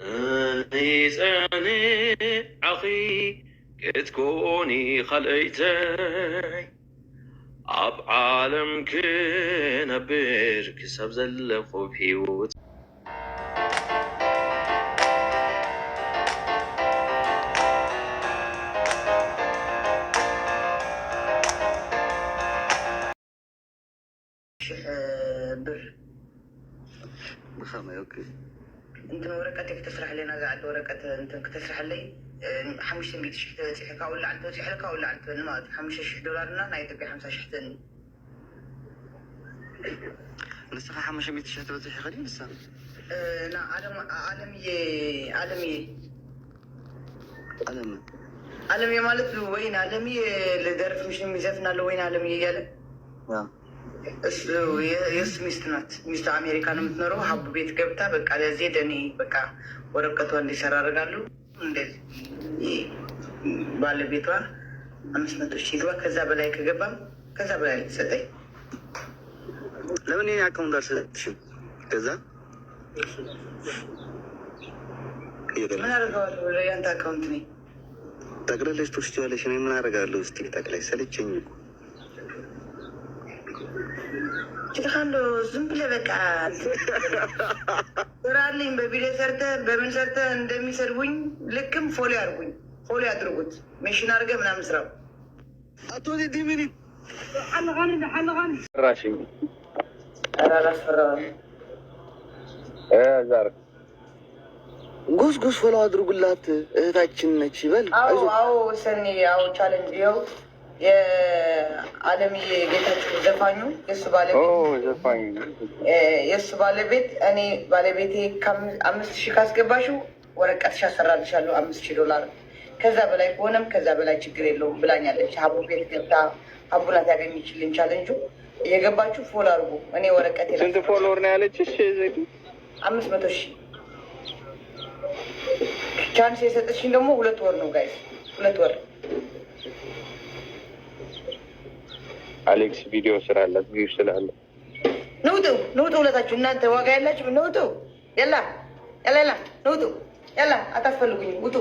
نيساني عخي تكوني خليتي اب عالم كنبر كسب زل بهيوت بر بخمي اوكي እንትን ወረቀት ክትስራሕ ለና ዝዓለ ወረቀት እንትን ክተስርሐለይ ሓሙሽተ ሚእቲ ሽሕ ፅሕካ ውላዓልቶ ፅሕልካ ውላዓልቶኒ ማለት እዩ ሓሙሽተ ሽሕ ዶላርና ናይ ኢትዮጵያ ሓምሳ ሽሕተኒ ንስኻ ሓሙሽተ ሚእቲ ሽሕ ትበፅሕ ይኽእል ንሳ ዓለምየ ዓለምየ ዓለም ዓለምየ ማለት ወይን ዓለምየ ልደርፍ ምሽን ሚዘፍና ኣሎ ወይን ዓለምየ እያለ የእሱ ሚስት ናት። ሚስቱ አሜሪካ ነው የምትኖረው። ሀቡ ቤት ገብታ በቃ ለዚህ ደኔ በቃ ወረቀቷ እንዲሰራ አድርጋለሁ። እንደዚህ ባለቤቷ አምስት መቶ ሺህ ግባ፣ ከዛ በላይ ከገባም ከዛ በላይ ልትሰጠኝ ለምን ይህ አካውንት አልሰጥሽም? ከዛ ምን አደርገዋለሁ? ያንተ አካውንት ነኝ። ጠቅለለች ትወስጂዋለሽ። እኔ ምን አደርጋለሁ? እስኪ ጠቅላይ ሰለቸኝ እኮ ጭልካንዶ ዝም ብለህ በቃ ስራልኝ። በቪዲዮ ሰርተህ በምን ሰርተህ እንደሚሰድቡኝ ልክም ፎሎ ያድርጉኝ፣ ፎሎ ያድርጉት። ሜሽን አድርገህ ምናምን ስራው አቶ ጎስ ጎስ ፎሎ አድርጉላት። እህታችን ነች ይበል። አዎ አዎ ሰኒ ቻለንጅ ይኸው የአለምዬ ጌታቸው ዘፋኙ የእሱ ባለቤት የእሱ ባለቤት እኔ ባለቤቴ አምስት ሺህ ካስገባሽው ወረቀትሽ አሰራልሻለሁ አምስት ሺህ ዶላር ከዛ በላይ ከሆነም ከዛ በላይ ችግር የለውም ብላኛለች። ሀቡ ቤት ገብታ ሀቡ ናት ያገኘችልን ቻለንጁ እየገባችሁ ፎል አርጉ። እኔ ወረቀት ስንት ፎሎወር ነው ያለችሽ? አምስት መቶ ሺህ ቻንስ የሰጠችኝ ደግሞ ሁለት ወር ነው ጋይስ፣ ሁለት ወር አሌክስ ቪዲዮ ስላላት ቪው ስላለ ንውጡ ንውጡ፣ ሁለታችሁ እናንተ ዋጋ ያላችሁ ንውጡ። የላ የላ የላ ንውጡ። የላ አታስፈልጉኝም፣ ውጡ።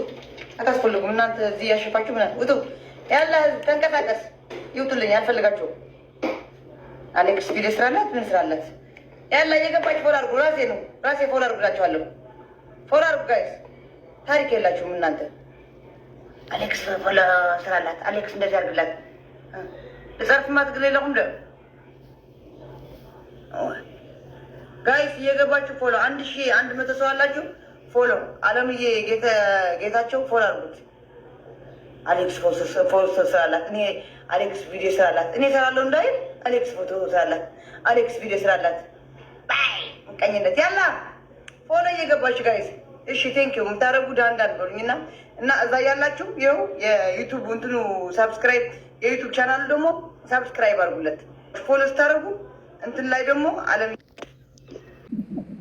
አታስፈልጉም እናንተ እዚህ ያሸፋችሁ ምና ውጡ። ያላ ተንቀሳቀስ፣ ይውጡልኝ፣ አልፈልጋችሁም። አሌክስ ቪዲዮ ስላላት ምን ስላላት ያላ እየገባች ፎል አርጉ ራሴ ነው ራሴ ፎሎ አድርጉላችኋለሁ። ፎል አርጉ ጋይስ። ታሪክ የላችሁም እናንተ። አሌክስ ፎሎ ስላላት አሌክስ እንደዚህ አርግላት የጻርፍማ ትግል የለኩም ደ ጋይስ እየገባችሁ ፎሎ አንድ ሺ አንድ መቶ ሰው አላችሁ። ፎሎ አለምዬ ጌታቸው ፎሎ አርጉት አሌክስ ፎቶ ስራላት እኔ አሌክስ ቪዲዮ ስራላት እኔ ሰራለሁ እንዳይል አሌክስ ፎቶ ስራላት አሌክስ ቪዲዮ ስራላት ቀኝነት ያላ ፎሎ እየገባችሁ ጋይስ እሺ ቴንክ ዩ የምታደርጉ ዳንዳ ነበሩኝ እና እና እዛ ያላችሁ ይኸው የዩቱብ እንትኑ ሳብስክራይብ የዩቱብ ቻናሉ ደግሞ ሳብስክራይብ አድርጉለት። ፎሎ ስታደርጉ እንትን ላይ ደግሞ አለም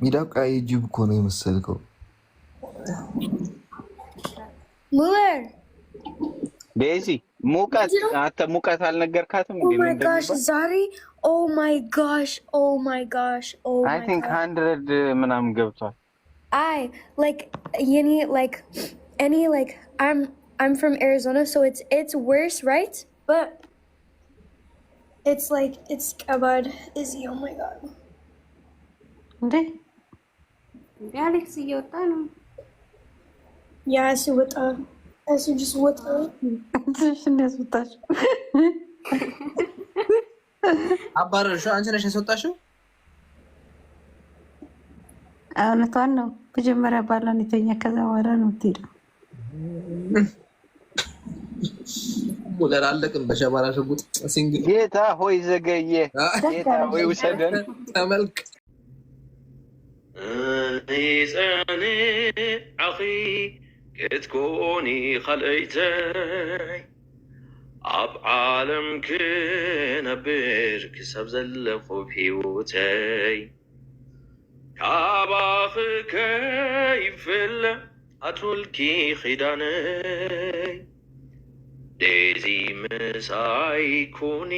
ሚዳቃ ጅብ እኮ ነው የመሰልከው። ቤዚ ሙቀት አንተ ሙቀት አልነገርካትም። oh ዛሬ ኦ ማይ ጋሽ ኦ ማይ ጋሽ አይ ቲንክ ሀንድረድ ምናምን ገብቷል I like any like any like I'm I'm from Arizona, so it's it's worse, right? But it's like it's about oh, Izzy. Oh my god. Hindi. Alex, iyo tanong. Yeah, I see what uh, I see just what uh. አንቺ ነሽ ያስወጣሽው። አባረርሽው። አንቺ ነሽ ያስወጣሽው። እውነቷን ነው። መጀመሪያ ባሏን የተኛ ከዛ በኋላ ነው የምትሄደው። ሙለር አለቅም በሸባራ ሽጉጥ ሲንግል ጌታ ሆይ ዘገየ፣ ጌታ ሆይ ውሰደን። ተመልክ ኒፀኒ አኺ ክትኮኒ ካልአይተይ ኣብ ዓለም ክነብር ክሰብ ዘለኹ ሂወተይ አባፍከ ይፍለ አትውልኪ ኺዳነይ ዴዚ ምሳይ ኩኒ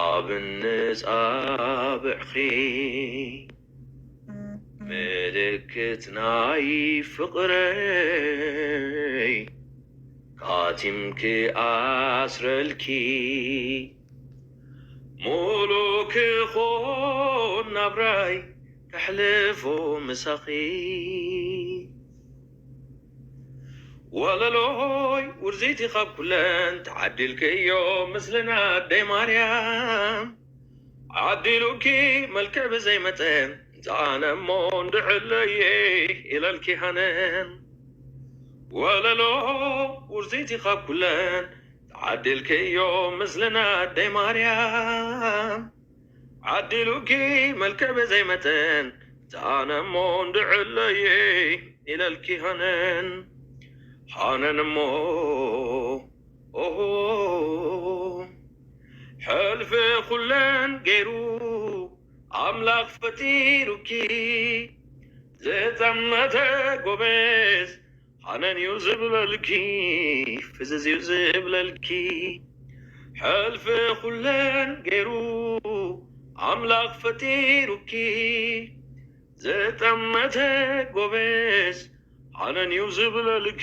ኣብነፃ ብዕኺ ምልክት ናይ ፍቕረይ ካቲምክ ኣስረልኪ ሙሉክ ኾ براي تحلف ومسخي ولا لوي ورزيتي خب كلان تعدل يوم مثلنا دي مريم عدلوكي ملكه زي متين زعانا مون دعلي الى الكهنان ولا لو ورزيتي خب كلان تعدل يوم مثلنا دي مريم عدلوكي ملكبة زي متان تانا مون دعلي إلى الكهنان حانا نمو حلف خلان غيرو عملاق فتيروكي زيت أمتا قبيس حنان يوزب للكي فزز يوزب للكي حلف خلان غيرو አምላክ ፈጢሩኪ ዘጠመተ ጎበዝ አነኒው ዝብለልኪ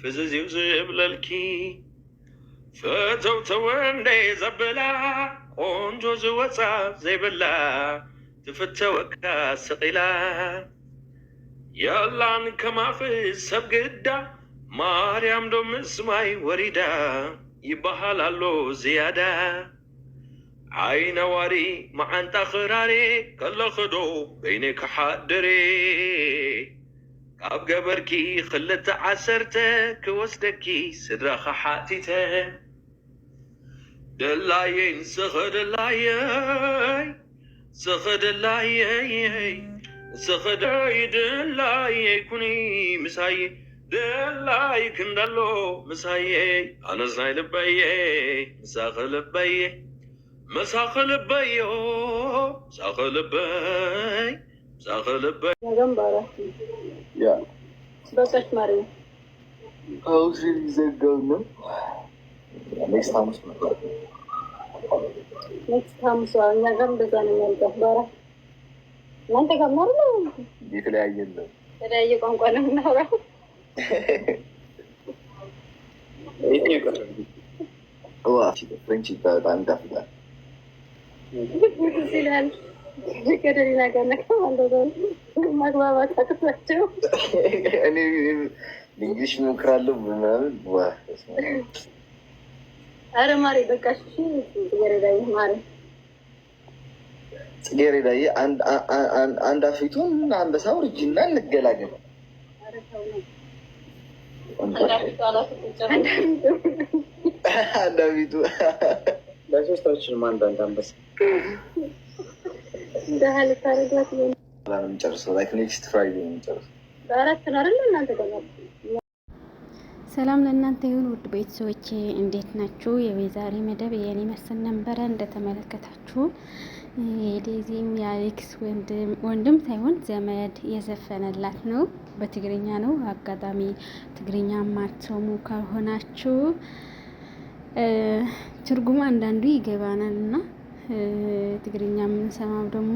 ፍዝዚው ዝብለልኪ ፈተው ተወንደ ዘበላ ቆንጆ ዝወፃ ዘይበላ ትፍተወካ ስቂላ ያላን ከማፍ ሰብ ግዳ ማርያም ዶ ምስማይ ወሪዳ ይበሃል ኣሎ ዝያዳ ዓይነዋሪ መዓንጣ ኽራሬ ከለኽዶ በይነ ክሓድሬ ካብ ገበርኪ ክልተ ዓሰርተ ክወስደኪ ስድራ ኸሓቲተ ደላየን ስኽ ደላየይ ስኽ ደላየይ ስኽ ደይ ደላየይ ኩኒ ምሳየ ደላይ ክንዳሎ ምሳየ ኣነስ ልበየ ምሳኽ ልበየ ምሳኽልበይ ምሳኽልበይ ምሳኽልበይ የተለያየ ነው። የተለያየ ቋንቋ ነው የምናወራው። ይላል ከደሊና ጋር ማግባባት አቅቷቸው እንግሊሽ እሞክራለሁ ምናምን። አረ ማሬ ማሬ አንድ አፊቱን አንበሳ እንገላገል። አንድ አፊቱ ለሶስታችንም አንበሳ ሰላም ለእናንተ ይሁን ውድ ቤተሰቦቼ፣ እንዴት ናችሁ? የዛሬ መደብ የኔ መስል ነበረ። እንደተመለከታችሁ የዴዚም የአሌክስ ወንድም ሳይሆን ዘመድ የዘፈነላት ነው። በትግርኛ ነው። አጋጣሚ ትግርኛ ማትሰሙ ከሆናችሁ ትርጉም አንዳንዱ ይገባናል እና ትግርኛ የምንሰማው ደግሞ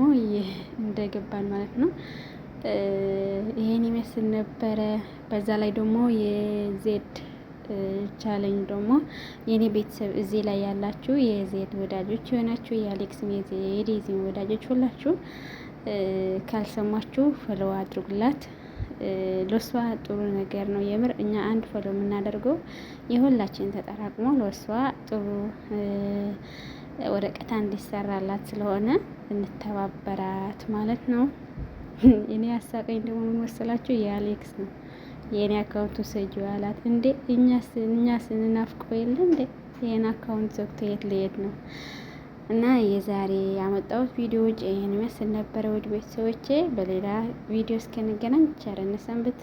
እንደገባን ማለት ነው። ይሄን ይመስል ነበረ። በዛ ላይ ደግሞ የዜድ ቻለኝ ደግሞ የኔ ቤተሰብ እዚህ ላይ ያላችሁ የዜድ ወዳጆች የሆናችሁ የአሌክስም የዴዚም ወዳጆች ሁላችሁ ካልሰማችሁ ፎሎ አድርጉላት። ለሷ ጥሩ ነገር ነው የምር። እኛ አንድ ፈሎ የምናደርገው የሁላችን ተጠራቅሞ ለሷ ጥሩ ወረቀታ እንዲሰራላት ስለሆነ እንተባበራት ማለት ነው። እኔ አሳቀኝ ደግሞ የምመስላችሁ የአሌክስ ነው። የእኔ አካውንቱ ሰጁ አላት እንዴ እኛ ስንናፍቆ የለ እንዴ ይህን አካውንት ዘግቶ የት ለየት ነው? እና የዛሬ ያመጣሁት ቪዲዮዎች ይህን ይመስል ነበረ። ውድ ቤተሰቦቼ በሌላ ቪዲዮ እስከንገናኝ ቸር እንሰንብት።